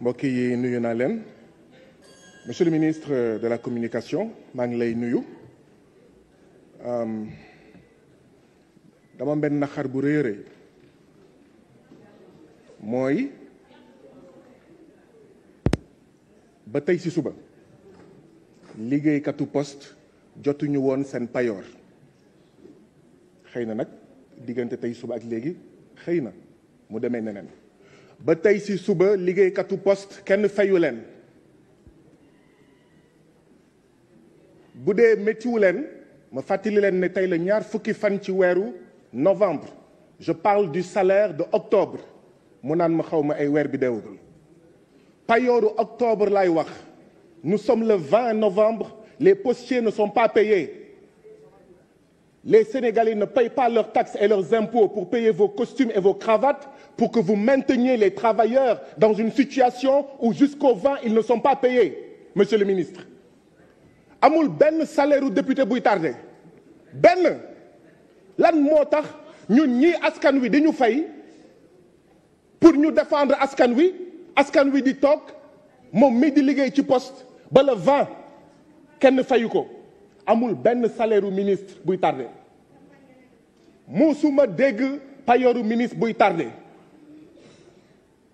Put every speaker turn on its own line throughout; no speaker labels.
mbokk yi nuyu naa leen monsieur le ministre de la communication maa ngi lay nuyu dama benn naxar bu rëy rëy mooy ba tey ci suba liggéeykatu poste jotuñu woon seen payoor xëy na nag diggante tey suba ak léegi xëy na mu demee neneen ba tey ci suba liggéeykatu post kenn fayu leen bu dee méttiwu leen ma fàttali leen ne tey le ñaar fukki fan ci weeru novembre je parle du salaire de octobre mu naan ma xaw ma ay weer bi deewagul payooru octobre laay wax nous sommes le novembre les postiers ne sont pas payés les Sénégalais ne payent pas leurs taxes et leurs impôts pour payer vos costumes et vos cravates pour que vous mainteniez les travailleurs dans une situation où jusqu'au 20 ils ne sont pas payés monsieur le ministre amul benn salaire u député buy tardé benn lan moo tax ñun ñii askan wi di ñu fay pour ñu défendre askan wi askan wi di toog moom mii di liggéey ci poste ba le 20 kenn fayu ko amul benn salaire ministre buy tardé musuma dégg payoru ministre buy tardé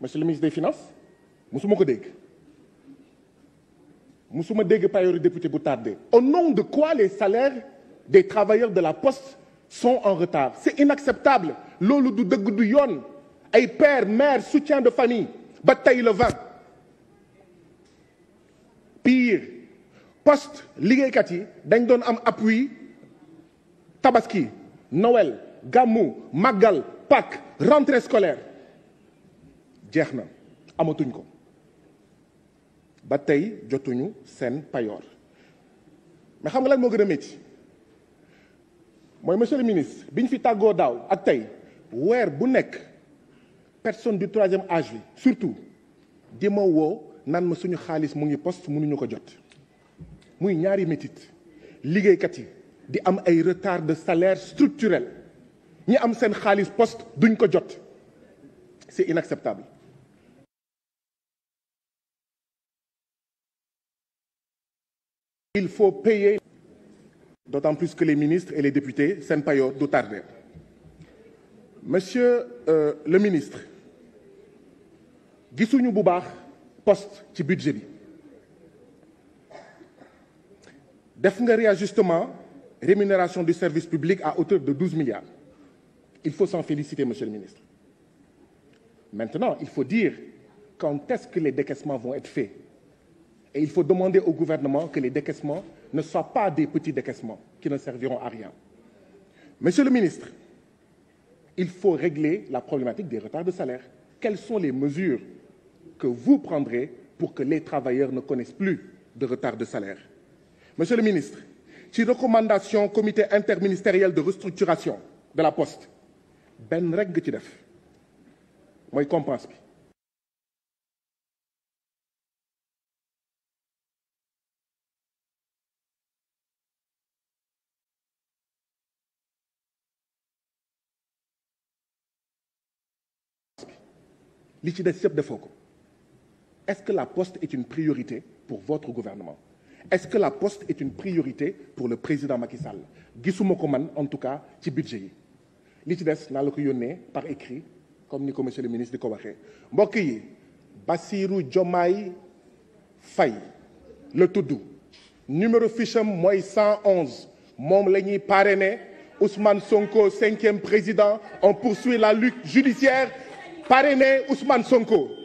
monsieur le ministre des finances musuma ko dégg musuma dégg payooru député bu tardé au nom de quoi les salaires des travailleurs de la poste sont en retard c'est inacceptable loolu du dëgg du yoon ay père mère soutien de famille ba tey le vingt pire poste liggéeykat yi dañ doon am appui tabaski Noël gàmmu màggal Pâques rentrée scolaire jeex na amatuñ ko ba tey jotuñu seen payoor mais xam nga lan moo gën a métti mooy monsieur le ministre bi ñu fi tàggoo daaw ak tey weer bu nekk personne du troisième âge bi surtout di ma woo naan ma suñu xaalis mu ngi poste mënuñu ko jot muy ñaari métit liggéeykat yi di am ay retard de salaire structurel ñi am seen xaalis poste duñ ko jot c'est inacceptable Il faut payer, d'autant plus que les ministres et les députés, Sen Payot, d'où tarder. Monsieur euh, le ministre, gisuñu bu baax poste ci budget bi def nga réajustement rémunération du service public à hauteur de 12 milliards il faut s'en féliciter monsieur le ministre maintenant il faut dire quand est-ce que les décaissements vont être faits Et il faut demander au gouvernement que les décaissements ne soient pas des petits décaissements qui ne serviront à rien. Monsieur le ministre, il faut régler la problématique des retards de salaire. Quelles sont les mesures que vous prendrez pour que les travailleurs ne connaissent plus de retard de salaire Monsieur le ministre, ci recommandation comité interministériel de restructuration de la poste benn rek nga ci def mooy bi li ci de yëpp defoo ko est-ce que la poste est une priorité pour votre gouvernement est-ce que la poste est une priorité pour le président Macky Sall gisuma ko man en tout cas ci budget yi li ci des naa la ko yónnee par écrit comme ni ko monsieur le ministre de ko waxee mbokk yi Bassirou Diomaye Faye la tudd numéro fiche am mooy 111 moom la ñuy parrainé Ousmane Sonko cinquième président on poursuit la lutte judiciaire parrainé Ousmane Sonko